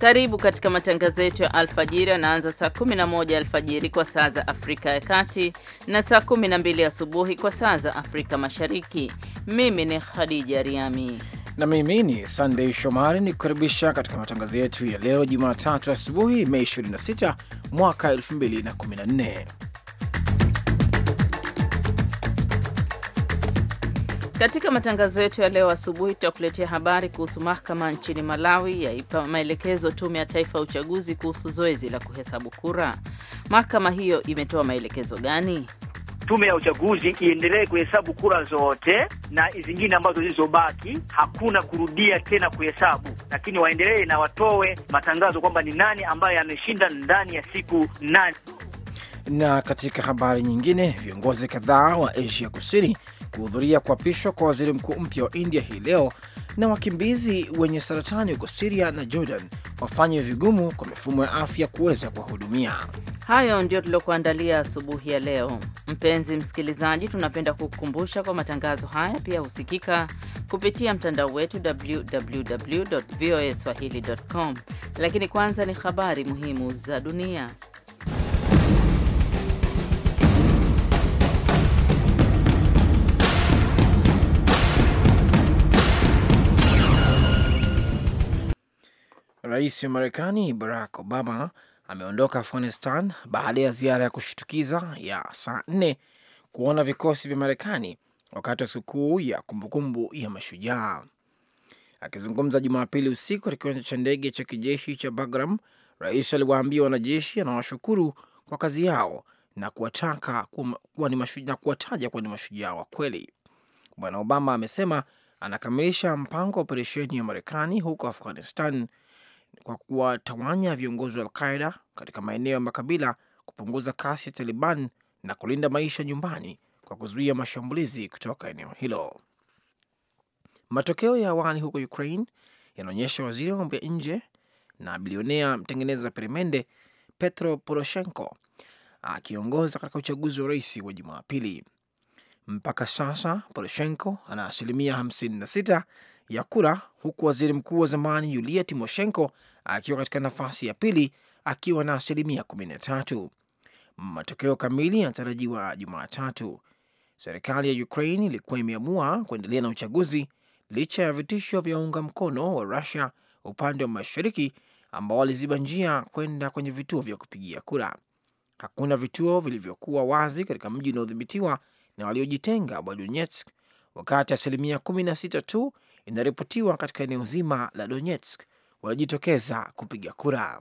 Karibu katika matangazo yetu ya alfajiri yanaanza saa 11 alfajiri kwa saa za Afrika ya Kati na saa 12 asubuhi kwa saa za Afrika Mashariki. Mimi ni Khadija Riami na mimi ni Sandei Shomari ni kukaribisha katika matangazo yetu ya leo Jumatatu asubuhi, Mei 26 mwaka 2014. Katika matangazo yetu ya leo asubuhi, tutakuletea habari kuhusu mahakama nchini Malawi yaipa maelekezo tume ya taifa ya uchaguzi kuhusu zoezi la kuhesabu kura. Mahakama hiyo imetoa maelekezo gani? Tume ya uchaguzi iendelee kuhesabu kura zote na zingine ambazo zilizobaki, hakuna kurudia tena kuhesabu, lakini waendelee na watoe matangazo kwamba ni nani ambaye ameshinda ndani ya siku nane. Na katika habari nyingine, viongozi kadhaa wa Asia Kusini kuhudhuria kuapishwa kwa waziri mkuu mpya wa India hii leo, na wakimbizi wenye saratani huko Siria na Jordan wafanye vigumu kwa mifumo ya afya kuweza kuwahudumia. Hayo ndio tuliokuandalia asubuhi ya leo. Mpenzi msikilizaji, tunapenda kukukumbusha kwa matangazo haya pia husikika kupitia mtandao wetu www voa swahili com, lakini kwanza ni habari muhimu za dunia. Rais wa Marekani Barack Obama ameondoka Afghanistan baada ya ziara ya kushtukiza ya saa nne kuona vikosi vya Marekani wakati wa sikukuu ya kumbukumbu ya Mashujaa. Akizungumza Jumapili usiku katika kiwanja cha ndege cha kijeshi cha Bagram, rais aliwaambia wanajeshi anawashukuru kwa kazi yao na kuwataka kuwa ni mashujaa, kuwataja kuwa ni mashujaa wa kweli. Bwana Obama amesema anakamilisha mpango wa operesheni ya Marekani huko Afghanistan kwa kuwatawanya viongozi wa Alqaida katika maeneo ya makabila, kupunguza kasi ya Taliban na kulinda maisha nyumbani kwa kuzuia mashambulizi kutoka eneo hilo. Matokeo ya awali huko Ukraine yanaonyesha waziri wa mambo ya nje na bilionea mtengeneza peremende Petro Poroshenko akiongoza katika uchaguzi wa rais wa Jumapili. Mpaka sasa Poroshenko ana asilimia 56 ya kura, huku waziri mkuu wa zamani Yulia Timoshenko akiwa katika nafasi ya pili akiwa na asilimia 13. Matokeo kamili yanatarajiwa Jumatatu. Serikali ya Ukraine ilikuwa imeamua kuendelea na uchaguzi licha ya vitisho vya unga mkono wa Rusia upande wa mashariki ambao waliziba njia kwenda kwenye vituo vya kupigia kura. Hakuna vituo vilivyokuwa wazi katika mji unaodhibitiwa na waliojitenga wa Donetsk, wakati asilimia 16 tu inaripotiwa katika eneo zima la Donetsk walijitokeza kupiga kura.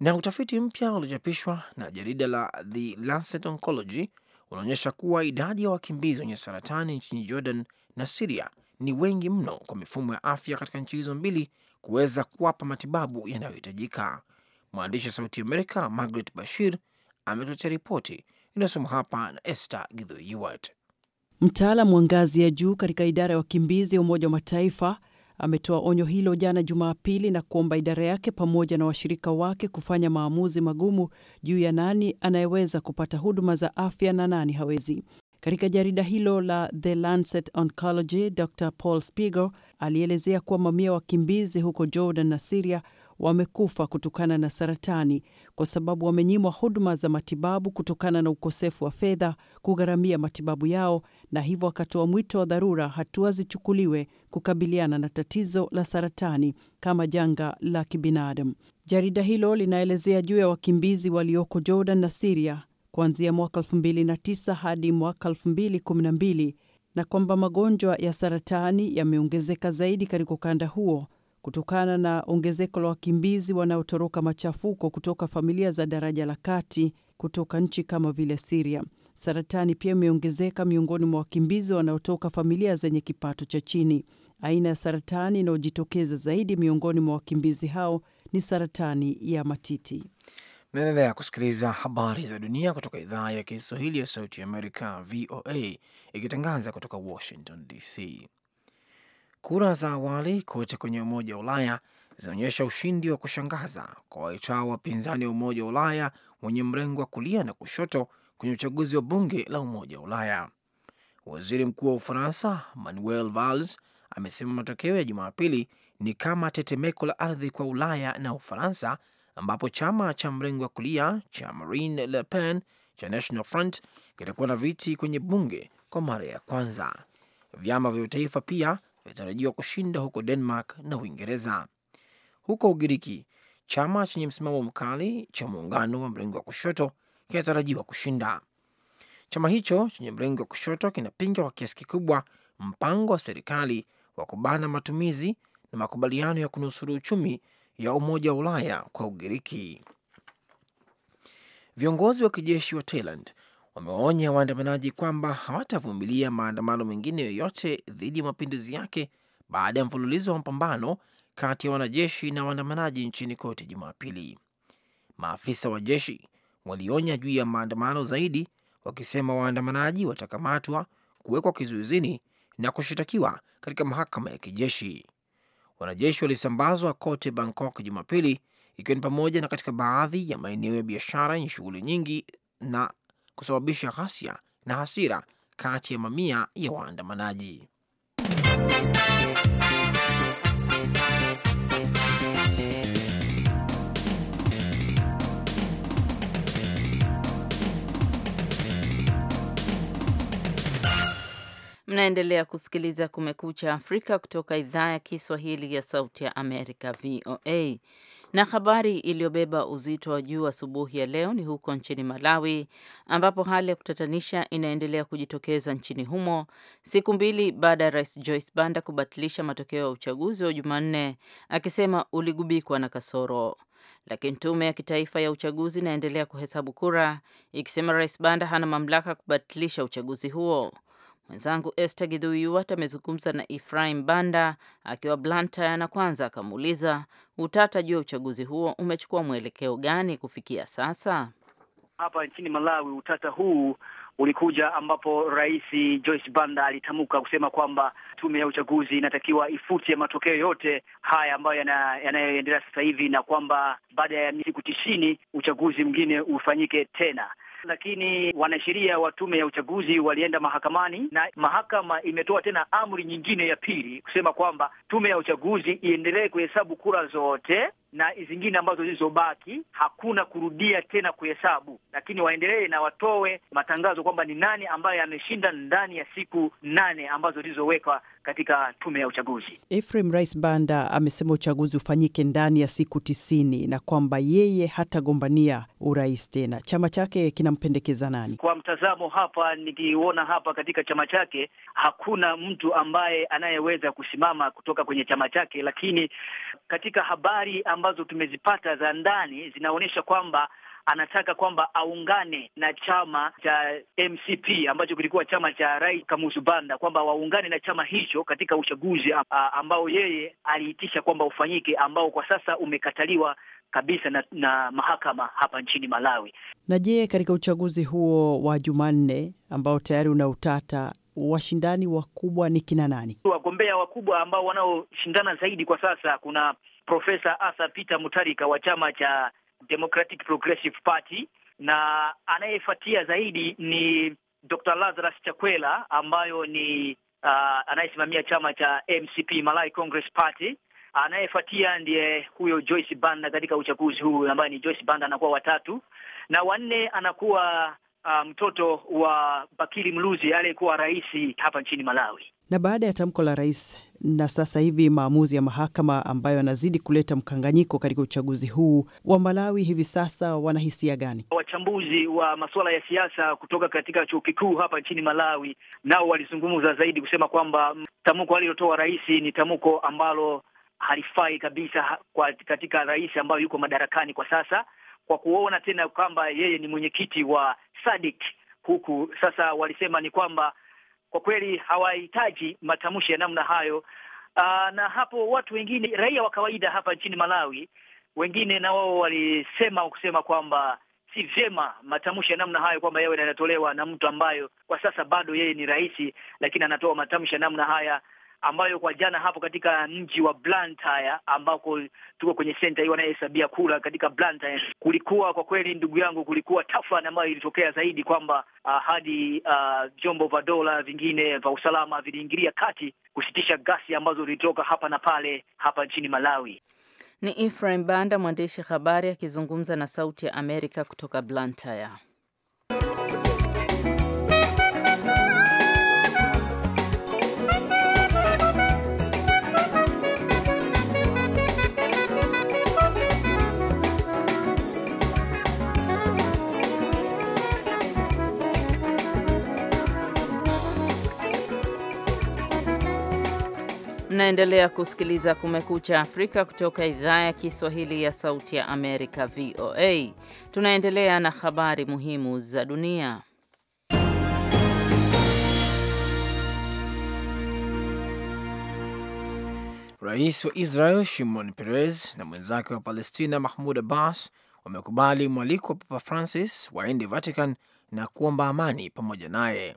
Na utafiti mpya uliochapishwa na jarida la The Lancet Oncology unaonyesha kuwa idadi ya wakimbizi wenye saratani nchini Jordan na Siria ni wengi mno kwa mifumo ya afya katika nchi hizo mbili kuweza kuwapa matibabu yanayohitajika. Mwandishi wa Sauti Amerika Margaret Bashir ametuletea ripoti inayosoma hapa na Esther Gidhoiwat mtaalam wa ngazi ya juu katika idara ya wakimbizi ya Umoja wa Mataifa ametoa onyo hilo jana Jumapili na kuomba idara yake pamoja na washirika wake kufanya maamuzi magumu juu ya nani anayeweza kupata huduma za afya na nani hawezi. Katika jarida hilo la The Lancet Oncology, Dr Paul Spiegel alielezea kuwa mamia wakimbizi huko Jordan na Siria wamekufa kutokana na saratani kwa sababu wamenyimwa huduma za matibabu kutokana na ukosefu wa fedha kugharamia matibabu yao, na hivyo wakatoa mwito wa dharura hatua zichukuliwe kukabiliana na tatizo la saratani kama janga la kibinadamu. Jarida hilo linaelezea juu ya wakimbizi walioko Jordan na Siria kuanzia mwaka 2009 hadi mwaka 2012 na kwamba magonjwa ya saratani yameongezeka zaidi katika ukanda huo kutokana na ongezeko la wakimbizi wanaotoroka machafuko kutoka familia za daraja la kati kutoka nchi kama vile Siria. Saratani pia imeongezeka miongoni mwa wakimbizi wanaotoka familia zenye kipato cha chini. Aina ya saratani inayojitokeza zaidi miongoni mwa wakimbizi hao ni saratani ya matiti. Naendelea kusikiliza habari za dunia kutoka idhaa ya Kiswahili ya Sauti ya Amerika, VOA, ikitangaza kutoka Washington DC. Kura za awali kote kwenye Umoja wa Ulaya zinaonyesha ushindi wa kushangaza kwa waitao wapinzani wa Umoja wa Ulaya wenye mrengo wa kulia na kushoto kwenye uchaguzi wa bunge la Umoja wa Ulaya. Waziri Mkuu wa Ufaransa Manuel Valls amesema matokeo ya Jumapili ni kama tetemeko la ardhi kwa Ulaya na Ufaransa, ambapo chama cha mrengo wa kulia cha Marine Le Pen cha National Front kitakuwa na viti kwenye bunge kwa mara ya kwanza. Vyama vya utaifa pia inatarajiwa kushinda huko Denmark na Uingereza. Huko Ugiriki, chama chenye msimamo mkali cha muungano wa mrengo wa kushoto kinatarajiwa kushinda. Chama hicho chenye mrengo wa kushoto kinapinga kwa kiasi kikubwa mpango wa serikali wa kubana matumizi na makubaliano ya kunusuru uchumi ya Umoja wa Ulaya kwa Ugiriki. Viongozi wa kijeshi wa Thailand wamewaonya waandamanaji kwamba hawatavumilia maandamano mengine yoyote dhidi ya mapinduzi yake baada ya mfululizo wa mapambano kati ya wanajeshi na waandamanaji nchini kote Jumapili. Maafisa wa jeshi walionya juu ya maandamano zaidi, wakisema waandamanaji watakamatwa, kuwekwa kizuizini na kushitakiwa katika mahakama ya kijeshi. Wanajeshi walisambazwa kote Bangkok Jumapili, ikiwa ni pamoja na katika baadhi ya maeneo ya biashara yenye shughuli nyingi na kusababisha ghasia na hasira kati ya mamia ya waandamanaji. Mnaendelea kusikiliza Kumekucha Afrika kutoka idhaa ya Kiswahili ya Sauti ya Amerika, VOA. Na habari iliyobeba uzito wa juu asubuhi ya leo ni huko nchini Malawi ambapo hali ya kutatanisha inaendelea kujitokeza nchini humo siku mbili baada ya Rais Joyce Banda kubatilisha matokeo ya uchaguzi wa Jumanne akisema uligubikwa na kasoro. Lakini tume ya kitaifa ya uchaguzi inaendelea kuhesabu kura ikisema Rais Banda hana mamlaka kubatilisha uchaguzi huo. Mwenzangu Esther Gidhuiwat amezungumza na Ephraim Banda akiwa Blantyre na kwanza akamuuliza utata juu ya uchaguzi huo umechukua mwelekeo gani kufikia sasa. Hapa nchini Malawi utata huu ulikuja ambapo Rais Joyce Banda alitamka kusema kwamba tume ya uchaguzi inatakiwa ya matokeo yote haya ambayo yanayoendelea sasa hivi, na kwamba baada ya siku tisini uchaguzi mwingine ufanyike tena lakini wanasheria wa tume ya uchaguzi walienda mahakamani na mahakama imetoa tena amri nyingine ya pili kusema kwamba tume ya uchaguzi iendelee kuhesabu kura zote na zingine ambazo zilizobaki hakuna kurudia tena kuhesabu, lakini waendelee na watoe matangazo kwamba ni nani ambaye ameshinda ndani ya siku nane ambazo zilizowekwa katika tume ya uchaguzi. Ephraim Rais Banda amesema uchaguzi ufanyike ndani ya siku tisini na kwamba yeye hatagombania urais tena. Chama chake kinampendekeza nani? Kwa mtazamo hapa, nikiona hapa katika chama chake hakuna mtu ambaye anayeweza kusimama kutoka kwenye chama chake, lakini katika habari amb ambazo tumezipata za ndani zinaonyesha kwamba anataka kwamba aungane na chama cha MCP ambacho kilikuwa chama cha Rais Kamuzu Banda, kwamba waungane na chama hicho katika uchaguzi ambao yeye aliitisha kwamba ufanyike, ambao kwa sasa umekataliwa kabisa na, na mahakama hapa nchini Malawi. Na je, katika uchaguzi huo wa Jumanne ambao tayari una utata washindani wakubwa ni kina nani? Wagombea wakubwa ambao wanaoshindana zaidi kwa sasa kuna Profesa Arthur Peter mutarika wa chama cha Democratic Progressive Party, na anayefuatia zaidi ni Dr. Lazarus Chakwera ambayo ni uh, anayesimamia chama cha MCP Malai Congress Party. Anayefuatia ndiye huyo Joyce Banda katika uchaguzi huu, ambaye ni Joyce Banda anakuwa watatu, na wanne anakuwa uh, mtoto wa Bakili Mluzi aliyekuwa rais hapa nchini Malawi. Na baada ya tamko la rais na sasa hivi maamuzi ya mahakama ambayo yanazidi kuleta mkanganyiko katika uchaguzi huu wa Malawi, hivi sasa wanahisia gani? Wachambuzi wa masuala ya siasa kutoka katika chuo kikuu hapa nchini Malawi nao walizungumza zaidi kusema kwamba tamko alilotoa rais ni tamko ambalo halifai kabisa kwa katika rais ambayo yuko madarakani kwa sasa, kwa kuona tena kwamba yeye ni mwenyekiti wa SADC huku sasa, walisema ni kwamba kwa kweli hawahitaji matamshi ya namna hayo. Aa, ah, na hapo watu wengine raia wa kawaida hapa nchini Malawi wengine na wao walisema kusema kwamba si vyema matamshi ya namna hayo kwamba yawe yanatolewa na mtu ambayo kwa sasa bado yeye ni rais, lakini anatoa matamshi ya namna haya ambayo kwa jana hapo katika mji wa Blantyre ambako tuko kwenye senta hii wanayehesabia kura katika Blantyre, kulikuwa kwa kweli, ndugu yangu, kulikuwa tafrani ambayo ilitokea zaidi kwamba uh, hadi uh, vyombo vya dola vingine vya usalama viliingilia kati kusitisha gasi ambazo zilitoka hapa na pale hapa nchini Malawi. Ni Ephraim Banda, mwandishi habari akizungumza na Sauti ya Amerika kutoka Blantyre. Mnaendelea kusikiliza Kumekucha Afrika kutoka idhaa ya Kiswahili ya Sauti ya Amerika, VOA. Tunaendelea na habari muhimu za dunia. Rais wa Israel Shimon Peres na mwenzake wa Palestina Mahmud Abbas wamekubali mwaliko wa Papa Francis waende Vatican na kuomba amani pamoja naye.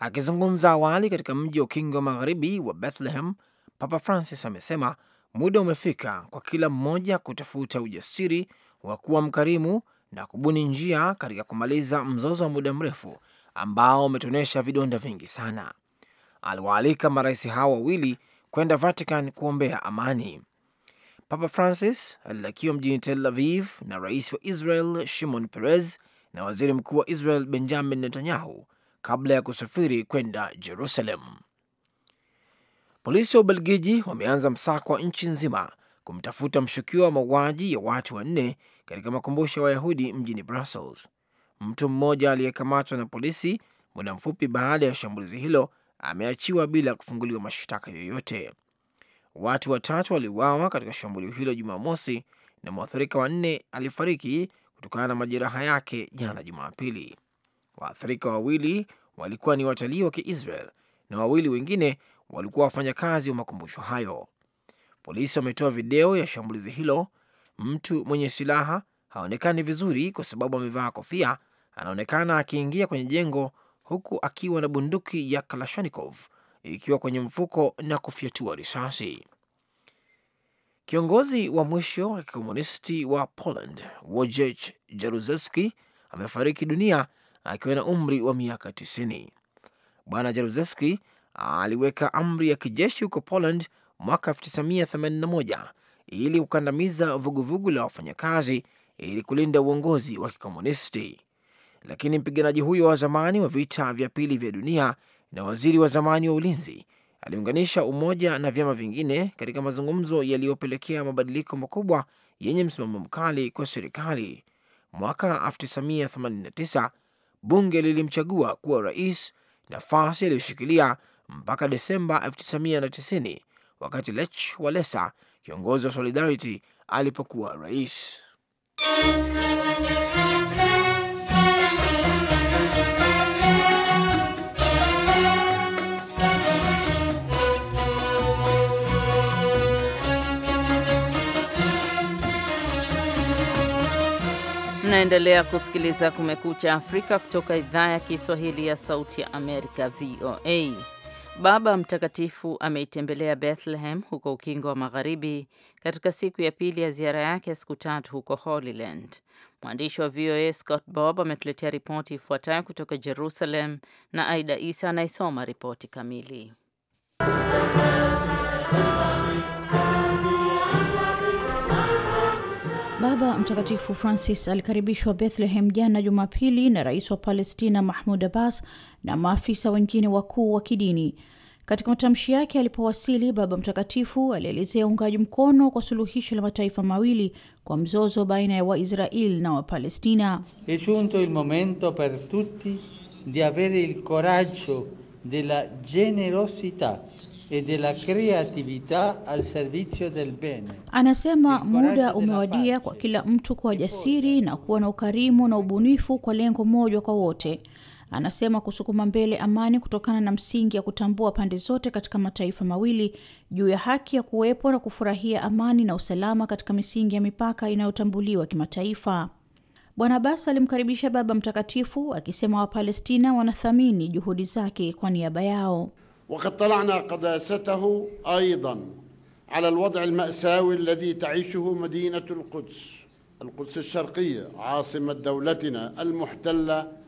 Akizungumza awali katika mji wa ukingo wa magharibi wa Bethlehem Papa Francis amesema muda umefika kwa kila mmoja kutafuta ujasiri wa kuwa mkarimu na kubuni njia katika kumaliza mzozo wa muda mrefu ambao umetuonyesha vidonda vingi sana. Aliwaalika marais hao wawili kwenda Vatican kuombea amani. Papa Francis alilakiwa mjini Tel Aviv na rais wa Israel Shimon Peres na waziri mkuu wa Israel Benjamin Netanyahu kabla ya kusafiri kwenda Jerusalem. Polisi wa Ubelgiji wameanza msako wa nchi nzima kumtafuta mshukiwa wa mauaji ya watu wanne katika makumbusho ya Wayahudi mjini Brussels. Mtu mmoja aliyekamatwa na polisi muda mfupi baada ya shambulizi hilo ameachiwa bila kufunguliwa mashtaka yoyote. Watu watatu waliuawa katika shambulio hilo Jumamosi na mwathirika wanne alifariki kutokana na majeraha yake jana Jumapili. Waathirika wawili walikuwa ni watalii wa Kiisrael na wawili wengine walikuwa wafanyakazi wa makumbusho hayo. Polisi wametoa video ya shambulizi hilo. Mtu mwenye silaha haonekani vizuri kwa sababu amevaa kofia, anaonekana akiingia kwenye jengo huku akiwa na bunduki ya Kalashnikov ikiwa kwenye mfuko na kufyatua risasi. Kiongozi wa mwisho wa kikomunisti wa Poland Wojciech Jaruzelski amefariki dunia akiwa na umri wa miaka 90. Bwana Jaruzelski aliweka amri ya kijeshi huko Poland mwaka 1981 ili kukandamiza vuguvugu la wafanyakazi ili kulinda uongozi wa kikomunisti. Lakini mpiganaji huyo wa zamani wa vita vya pili vya dunia na waziri wa zamani wa ulinzi aliunganisha umoja na vyama vingine katika mazungumzo yaliyopelekea mabadiliko makubwa yenye msimamo mkali kwa serikali. Mwaka 1989 bunge lilimchagua kuwa rais, nafasi aliyoshikilia mpaka Desemba 1990 wakati Lech Walesa, kiongozi wa Solidarity, alipokuwa rais. Naendelea kusikiliza Kumekucha Afrika kutoka idhaa ya Kiswahili ya Sauti ya Amerika, VOA. Baba Mtakatifu ameitembelea Bethlehem huko Ukingo wa Magharibi katika siku ya pili ya ziara yake ya siku tatu huko Holyland. Mwandishi wa VOA Scott Bob ametuletea ripoti ifuatayo kutoka Jerusalem na Aida Isa anaisoma ripoti kamili. Baba Mtakatifu Francis alikaribishwa Bethlehem jana Jumapili na rais wa Palestina Mahmud Abbas na maafisa wengine wakuu wa kidini. Katika matamshi yake alipowasili, Baba Mtakatifu alielezea uungaji mkono kwa suluhisho la mataifa mawili kwa mzozo baina ya waisrael na Wapalestina. e junto il momento per tutti di avere il coraggio della generosità E della creatività al servizio del bene. Anasema muda umewadia kwa kila mtu kuwa jasiri na kuwa na ukarimu na ubunifu kwa lengo moja kwa wote. Anasema kusukuma mbele amani kutokana na msingi ya kutambua pande zote katika mataifa mawili juu ya haki ya kuwepo na kufurahia amani na usalama katika misingi ya mipaka inayotambuliwa kimataifa. Bwana Abbas alimkaribisha Baba Mtakatifu akisema Wapalestina wanathamini juhudi zake kwa niaba yao. وقد طلعنا قداسته ايضا على الوضع الماساوي الذي تعيشه مدينه القدس القدس الشرقيه عاصمه دولتنا المحتله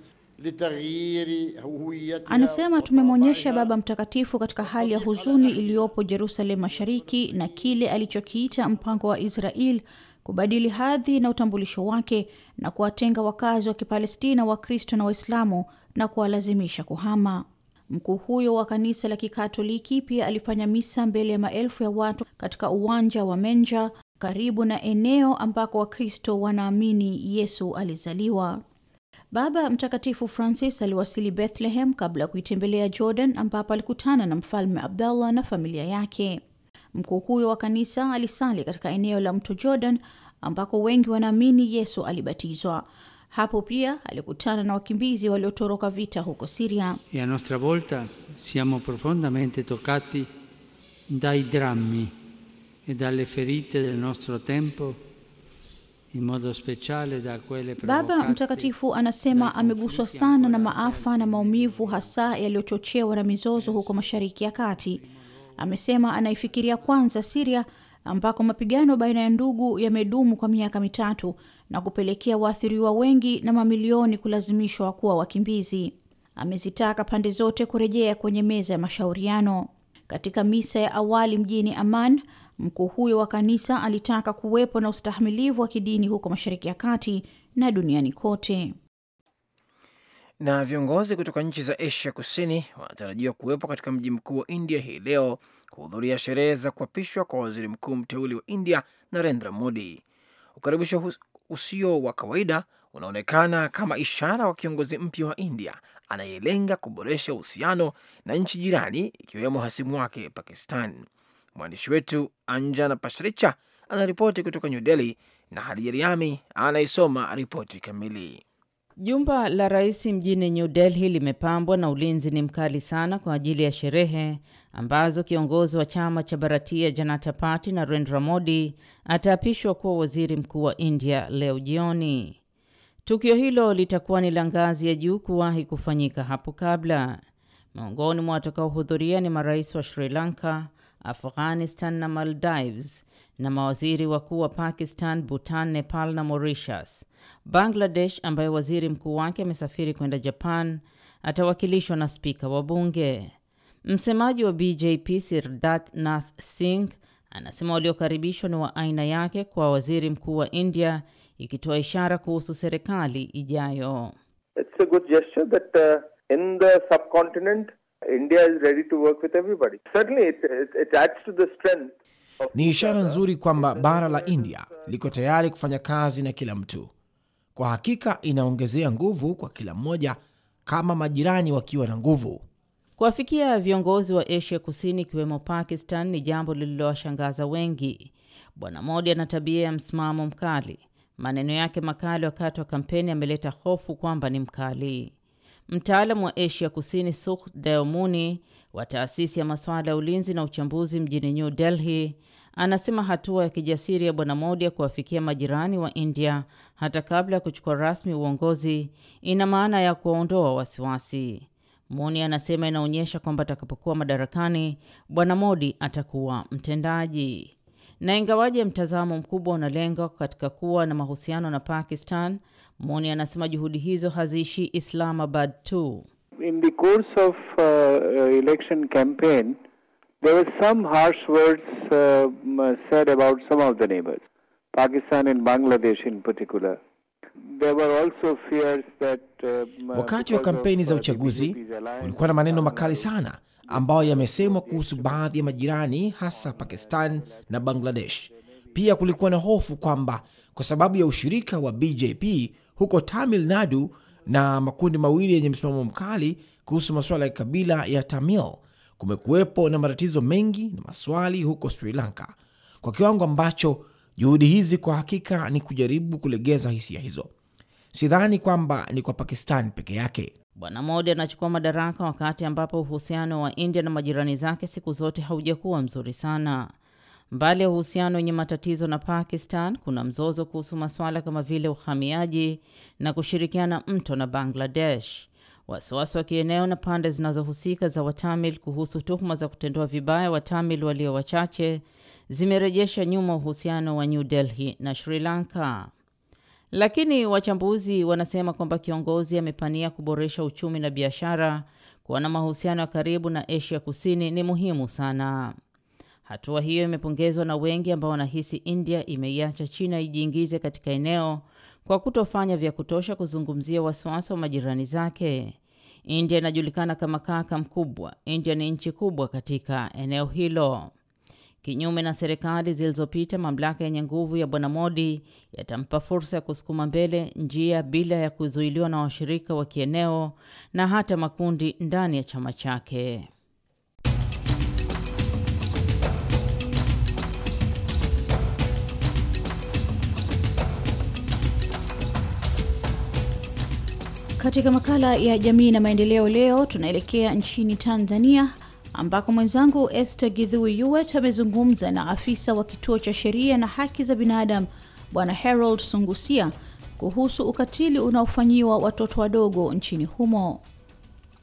Anasema tumemwonyesha Baba Mtakatifu katika hali ya huzuni iliyopo Jerusalem Mashariki na kile alichokiita mpango wa Israel kubadili hadhi na utambulisho wake na kuwatenga wakazi wa Kipalestina, Wakristo na Waislamu na kuwalazimisha kuhama. Mkuu huyo wa kanisa la Kikatoliki pia alifanya misa mbele ya maelfu ya watu katika uwanja wa Menja karibu na eneo ambako Wakristo wanaamini Yesu alizaliwa. Baba Mtakatifu Francis aliwasili Bethlehem kabla ya kuitembelea Jordan ambapo alikutana na Mfalme Abdallah na familia yake. Mkuu huyo wa kanisa alisali katika eneo la mto Jordan ambako wengi wanaamini Yesu alibatizwa. Hapo pia alikutana na wakimbizi waliotoroka vita huko Siria. E a nostra volta siamo profondamente toccati dai drammi e dalle ferite del nostro tempo. in modo Baba Mtakatifu anasema ameguswa sana na maafa na maumivu hasa yaliyochochewa na mizozo huko Mashariki ya Kati. Amesema anaifikiria kwanza Siria ambako mapigano baina ya ndugu yamedumu kwa miaka mitatu na kupelekea waathiriwa wengi na mamilioni kulazimishwa kuwa wakimbizi. Amezitaka pande zote kurejea kwenye meza ya mashauriano. Katika misa ya awali mjini aman mkuu huyo wa kanisa alitaka kuwepo na ustahimilivu wa kidini huko Mashariki ya Kati na duniani kote. Na viongozi kutoka nchi za Asia Kusini wanatarajiwa kuwepo katika mji mkuu wa India hii leo kuhudhuria sherehe za kuapishwa kwa waziri mkuu mteuli wa India Narendra Modi. Ukaribisho usio wa kawaida unaonekana kama ishara wa kiongozi mpya wa India anayelenga kuboresha uhusiano na nchi jirani ikiwemo hasimu wake Pakistan. Mwandishi wetu Anjana Pashricha anaripoti kutoka New Delhi na Hadi Yeriami anaisoma ripoti kamili. Jumba la rais mjini New Delhi limepambwa na ulinzi ni mkali sana kwa ajili ya sherehe ambazo kiongozi wa chama cha Bharatiya Janata Party Narendra Modi ataapishwa kuwa waziri mkuu wa India leo jioni. Tukio hilo litakuwa ni la ngazi ya juu kuwahi kufanyika hapo kabla. Miongoni mwa watakaohudhuria ni marais wa Sri Lanka, Afghanistan na Maldives na mawaziri wakuu wa Pakistan, Bhutan, Nepal na Mauritius. Bangladesh ambayo waziri mkuu wake amesafiri kwenda Japan atawakilishwa na spika wa bunge. Msemaji wa BJP Sirdat Nath Singh anasema waliokaribishwa ni wa aina yake kwa waziri mkuu wa India, ikitoa ishara kuhusu serikali ijayo. It's a good gesture that, uh, in the subcontinent India is ready to work with everybody. Certainly it, it, it adds to the strength ni ishara nzuri kwamba bara la India liko tayari kufanya kazi na kila mtu. Kwa hakika inaongezea nguvu kwa kila mmoja, kama majirani wakiwa na nguvu. Kuwafikia viongozi wa Asia Kusini ikiwemo Pakistan ni jambo lililowashangaza wengi. Bwana Modi ana tabia ya msimamo mkali. Maneno yake makali wakati wa kampeni ameleta hofu kwamba ni mkali. Mtaalamu wa Asia Kusini Sukh Daomuni wa taasisi ya masuala ya ulinzi na uchambuzi mjini New Delhi anasema hatua ya kijasiri ya Bwana Modi ya kuwafikia majirani wa India hata kabla ya kuchukua rasmi uongozi ina maana ya kuwaondoa wasiwasi. Muni anasema inaonyesha kwamba atakapokuwa madarakani, Bwana Modi atakuwa mtendaji. Na ingawaje mtazamo mkubwa unalenga katika kuwa na mahusiano na Pakistan, Moni anasema juhudi hizo haziishi Islamabad tu. In the course of uh, election campaign there were some harsh words uh, said about some of the neighbors Pakistan and Bangladesh in particular. That, uh, wakati wa kampeni za uchaguzi kulikuwa na maneno makali sana ambayo yamesemwa kuhusu baadhi ya majirani hasa Pakistan na Bangladesh. Pia kulikuwa na hofu kwamba kwa sababu ya ushirika wa BJP huko Tamil Nadu na makundi mawili yenye msimamo mkali kuhusu masuala ya kabila ya Tamil, kumekuwepo na matatizo mengi na maswali huko Sri Lanka, kwa kiwango ambacho juhudi hizi kwa hakika ni kujaribu kulegeza hisia hizo sidhani kwamba ni kwa Pakistan peke yake. Bwana Modi anachukua madaraka wakati ambapo uhusiano wa India na majirani zake siku zote haujakuwa mzuri sana. Mbali ya uhusiano wenye matatizo na Pakistan, kuna mzozo kuhusu masuala kama vile uhamiaji na kushirikiana mto na Bangladesh, wasiwasi wa kieneo na pande zinazohusika za Watamil kuhusu tuhuma za kutendewa vibaya Watamil walio wachache zimerejesha nyuma uhusiano wa New Delhi na Sri Lanka. Lakini wachambuzi wanasema kwamba kiongozi amepania kuboresha uchumi na biashara. Kuwa na mahusiano ya karibu na Asia Kusini ni muhimu sana. Hatua hiyo imepongezwa na wengi ambao wanahisi India imeiacha China ijiingize katika eneo kwa kutofanya vya kutosha kuzungumzia wasiwasi wa majirani zake. India inajulikana kama kaka mkubwa. India ni nchi kubwa katika eneo hilo. Kinyume na serikali zilizopita, mamlaka yenye nguvu ya Bwana Modi yatampa fursa ya kusukuma mbele njia bila ya kuzuiliwa na washirika wa kieneo na hata makundi ndani ya chama chake. Katika makala ya jamii na maendeleo leo tunaelekea nchini Tanzania ambako mwenzangu Esther Githui Yuet amezungumza na afisa wa kituo cha sheria na haki za binadamu Bwana Harold Sungusia kuhusu ukatili unaofanyiwa watoto wadogo nchini humo.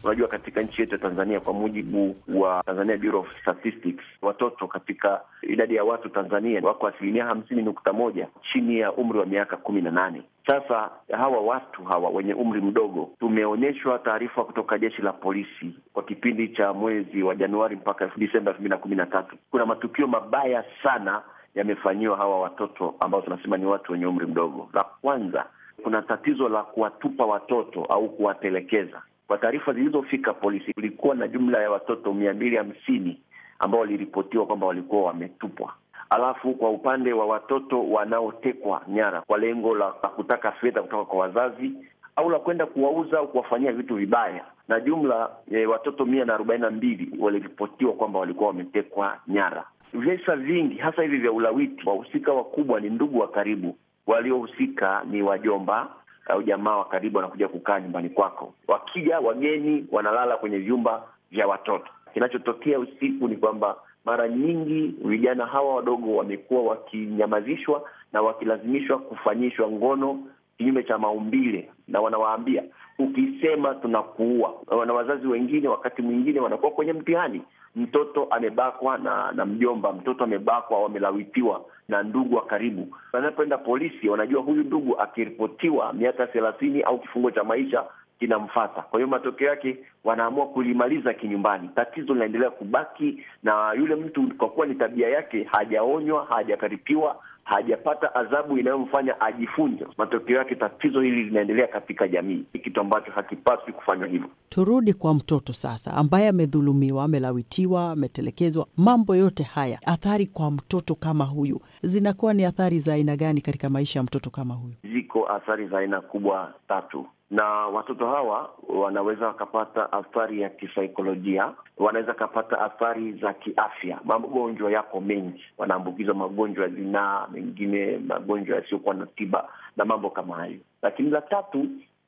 Unajua, katika nchi yetu ya Tanzania, kwa mujibu wa Tanzania Bureau of Statistics, watoto katika idadi ya watu Tanzania wako asilimia hamsini nukta moja chini ya umri wa miaka kumi na nane. Sasa hawa watu hawa wenye umri mdogo, tumeonyeshwa taarifa kutoka jeshi la polisi kwa kipindi cha mwezi wa Januari mpaka Disemba elfu mbili na kumi na tatu, kuna matukio mabaya sana yamefanyiwa hawa watoto ambao tunasema ni watu wenye umri mdogo. La kwanza, kuna tatizo la kuwatupa watoto au kuwatelekeza. Kwa taarifa zilizofika polisi, kulikuwa na jumla ya watoto mia mbili hamsini ambao waliripotiwa kwamba walikuwa wametupwa. Alafu kwa upande wa watoto wanaotekwa nyara kwa lengo la kutaka fedha kutoka kwa wazazi au la kwenda kuwauza au kuwafanyia vitu vibaya, na jumla e, watoto mia na arobaini na mbili waliripotiwa kwamba walikuwa wametekwa nyara. Visa vingi hasa hivi vya ulawiti, wahusika wakubwa ni ndugu wa karibu, waliohusika ni wajomba au jamaa wa karibu wanakuja kukaa nyumbani kwako. Wakija wageni, wanalala kwenye vyumba vya watoto. Kinachotokea usiku ni kwamba mara nyingi vijana hawa wadogo wamekuwa wakinyamazishwa na wakilazimishwa kufanyishwa ngono kinyume cha maumbile, na wanawaambia ukisema tunakuua. Na wazazi wengine wakati mwingine wanakuwa kwenye mtihani, mtoto amebakwa na na mjomba, mtoto amebakwa au amelawitiwa na ndugu wa karibu. Wanapoenda polisi, wanajua huyu ndugu akiripotiwa, miaka thelathini au kifungo cha maisha kinamfata. Kwa hiyo matokeo yake wanaamua kulimaliza kinyumbani, tatizo linaendelea kubaki na yule mtu, kwa kuwa ni tabia yake, hajaonywa, hajakaripiwa hajapata adhabu inayomfanya ajifunze, matokeo yake tatizo hili linaendelea katika jamii. Ni kitu ambacho hakipaswi kufanywa hivyo. Turudi kwa mtoto sasa, ambaye amedhulumiwa, amelawitiwa, ametelekezwa, mambo yote haya, athari kwa mtoto kama huyu zinakuwa ni athari za aina gani katika maisha ya mtoto kama huyu? Ziko athari za aina kubwa tatu na watoto hawa wanaweza wakapata athari ya kisaikolojia, wanaweza wakapata athari za kiafya. Magonjwa yako mengi, wanaambukizwa magonjwa ya zinaa, mengine magonjwa yasiyokuwa na tiba na mambo kama hayo. Lakini la tatu,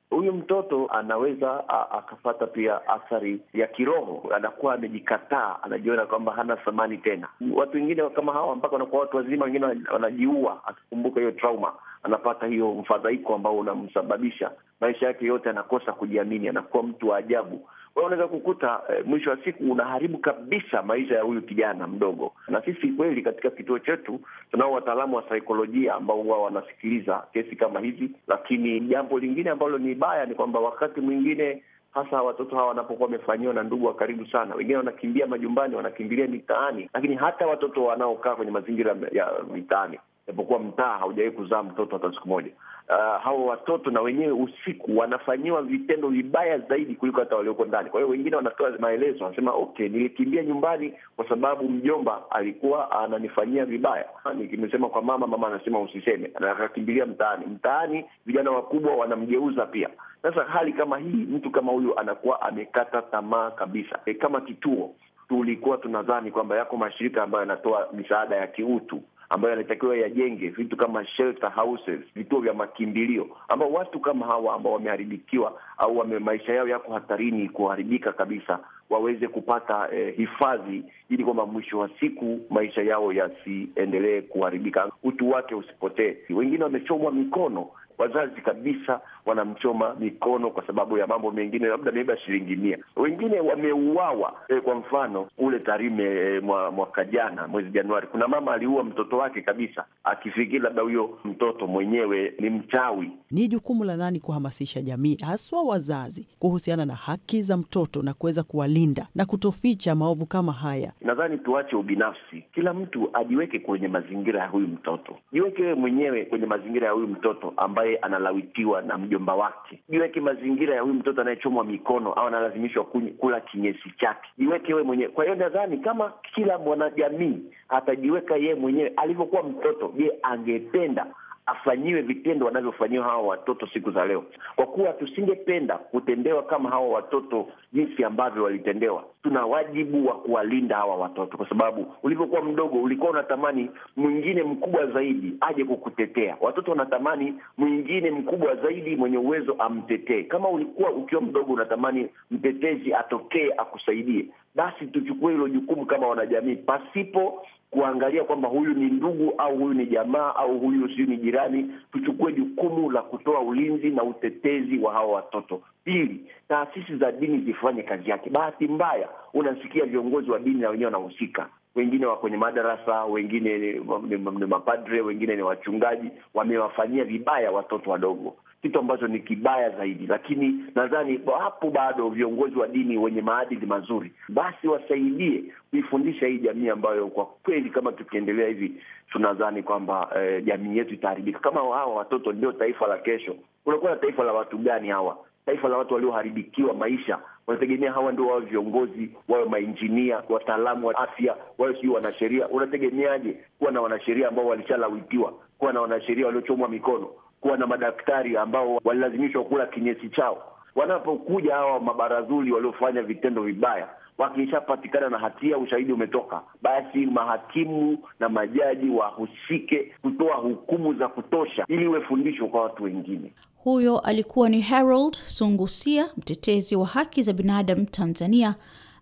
huyu mtoto anaweza akapata pia athari ya kiroho, anakuwa amejikataa, anajiona kwamba hana thamani tena. Watu wengine kama hawa mpaka wanakuwa watu wazima, wengine wanajiua akikumbuka hiyo trauma anapata hiyo mfadhaiko ambao unamsababisha maisha yake yote, anakosa kujiamini, anakuwa mtu wa ajabu. Wewe unaweza kukuta eh, mwisho wa siku unaharibu kabisa maisha ya huyu kijana mdogo. Na sisi kweli katika kituo chetu tunao wataalamu wa saikolojia ambao huwa wanasikiliza kesi kama hizi, lakini jambo lingine ambalo ni baya ni kwamba wakati mwingine hasa watoto hawa wanapokuwa wamefanyiwa na ndugu wa karibu sana, wengine wanakimbia majumbani, wanakimbilia mitaani, lakini hata watoto wanaokaa kwenye mazingira ya mitaani japokuwa mtaa haujawahi kuzaa mtoto hata siku moja. Uh, ah, hawa watoto na wenyewe usiku wanafanyiwa vitendo vibaya zaidi kuliko hata walioko ndani. Kwa hiyo wengine wanatoa maelezo, wanasema okay, nilikimbia nyumbani kwa sababu mjomba alikuwa ananifanyia vibaya, ah, nimesema kwa mama, mama anasema usiseme, na akakimbilia mtaani. Mtaani vijana wakubwa wanamgeuza pia. Sasa hali kama hii, mtu kama huyu anakuwa amekata tamaa kabisa. E, kama kituo tulikuwa tunadhani kwamba yako mashirika ambayo yanatoa misaada ya kiutu ambayo yanatakiwa yajenge vitu kama shelter houses, vituo vya makimbilio, ambao watu kama hawa ambao wameharibikiwa au wame maisha yao yako hatarini kuharibika kabisa waweze kupata eh, hifadhi ili kwamba mwisho wa siku maisha yao yasiendelee kuharibika, utu wake usipotee. Wengine wamechomwa mikono, wazazi kabisa wanamchoma mikono kwa sababu ya mambo mengine, labda ameiba shilingi mia. Wengine wameuawa e, kwa mfano ule Tarime e, mwa, mwaka jana mwezi Januari, kuna mama aliua mtoto wake kabisa, akifikiri labda huyo mtoto mwenyewe ni mchawi. Ni jukumu la nani kuhamasisha jamii, haswa wazazi, kuhusiana na haki za mtoto na kuweza kuwalinda na kutoficha maovu kama haya? Nadhani tuache ubinafsi, kila mtu ajiweke kwenye mazingira ya huyu mtoto, jiweke wewe mwenyewe kwenye mazingira ya huyu mtoto ambaye analawitiwa na mjo mjomba wake, jiweke mazingira ya huyu mtoto anayechomwa mikono au analazimishwa kula kinyesi chake, jiweke wewe mwenyewe. Kwa hiyo nadhani kama kila mwanajamii atajiweka yeye mwenyewe alivyokuwa mtoto, je, angependa afanyiwe vitendo wanavyofanyiwa hawa watoto siku za leo? Kwa kuwa tusingependa kutendewa kama hawa watoto jinsi ambavyo walitendewa tuna wajibu wa kuwalinda hawa watoto, kwa sababu ulivyokuwa mdogo ulikuwa unatamani mwingine mkubwa zaidi aje kukutetea. Watoto wanatamani mwingine mkubwa zaidi mwenye uwezo amtetee. Kama ulikuwa ukiwa mdogo unatamani mtetezi atokee akusaidie, basi tuchukue hilo jukumu kama wanajamii, pasipo kuangalia kwamba huyu ni ndugu au huyu ni jamaa au huyu siyo ni jirani. Tuchukue jukumu la kutoa ulinzi na utetezi wa hawa watoto dini, taasisi za dini zifanye kazi yake. Bahati mbaya, unasikia viongozi wa dini na wenyewe wanahusika, wengine wa kwenye madarasa, wengine ni mapadre, wengine ni wachungaji, wamewafanyia vibaya watoto wadogo, kitu ambacho ni kibaya zaidi. Lakini nadhani hapo bado viongozi wa dini wenye maadili mazuri basi wasaidie kuifundisha hii jamii, ambayo kwa kweli kama tukiendelea hivi tunadhani kwamba eh, jamii yetu itaharibika. Kama hawa watoto ndio taifa la kesho, kunakuwa na taifa la watu gani hawa? taifa la watu walioharibikiwa maisha, wanategemea hawa ndio wawe viongozi, wawe mainjinia, wataalamu wa afya, wawe sijui wanasheria. Unategemeaje kuwa na wanasheria ambao walishalawitiwa, kuwa na wanasheria waliochomwa mikono, kuwa na madaktari ambao walilazimishwa kula kinyesi chao? Wanapokuja hawa mabarazuli waliofanya vitendo vibaya wakishapatikana na hatia, ushahidi umetoka, basi mahakimu na majaji wahusike kutoa hukumu za kutosha, ili iwe fundisho kwa watu wengine. Huyo alikuwa ni Harold Sungusia, mtetezi wa haki za binadamu Tanzania,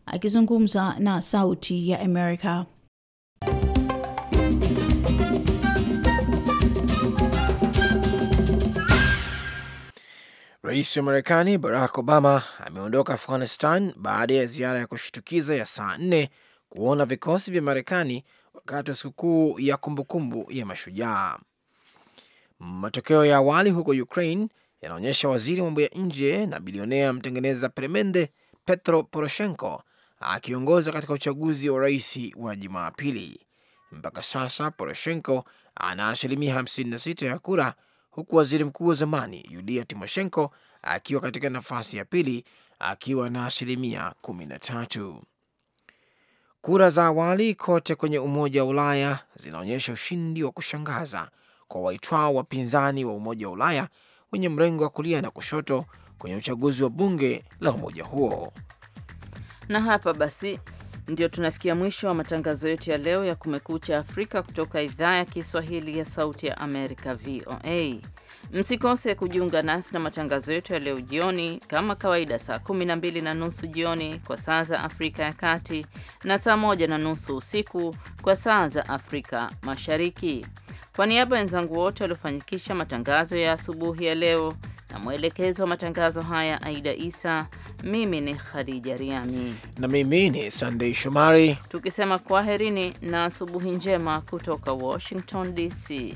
akizungumza na Sauti ya Amerika. Rais wa Marekani Barack Obama ameondoka Afghanistan baada ya ziara ya kushtukiza ya saa nne kuona vikosi vya Marekani wakati wa sikukuu ya kumbukumbu ya mashujaa. Matokeo ya awali huko Ukraine yanaonyesha waziri wa mambo ya nje na bilionea mtengeneza peremende Petro Poroshenko akiongoza katika uchaguzi wa rais wa Jumapili. Mpaka sasa Poroshenko ana asilimia 56 ya kura huku waziri mkuu wa zamani Yulia Timoshenko akiwa katika nafasi ya pili akiwa na asilimia kumi na tatu. Kura za awali kote kwenye Umoja wa Ulaya zinaonyesha ushindi wa kushangaza kwa waitwao wapinzani wa Umoja wa Ulaya wenye mrengo wa kulia na kushoto kwenye uchaguzi wa bunge la umoja huo. Na hapa basi ndio tunafikia mwisho wa matangazo yetu ya leo ya Kumekucha Afrika kutoka idhaa ya Kiswahili ya Sauti ya Amerika, VOA. Msikose kujiunga nasi na matangazo yetu ya leo jioni, kama kawaida, saa 12 na nusu jioni kwa saa za Afrika ya Kati na saa 1 na nusu usiku kwa saa za Afrika Mashariki. Kwa niaba ya wenzangu wote waliofanikisha matangazo ya asubuhi ya leo, na mwelekezo wa matangazo haya Aida Isa. Mimi ni Khadija Riami na mimi ni Sandei Shomari, tukisema kwaherini na asubuhi njema kutoka Washington DC.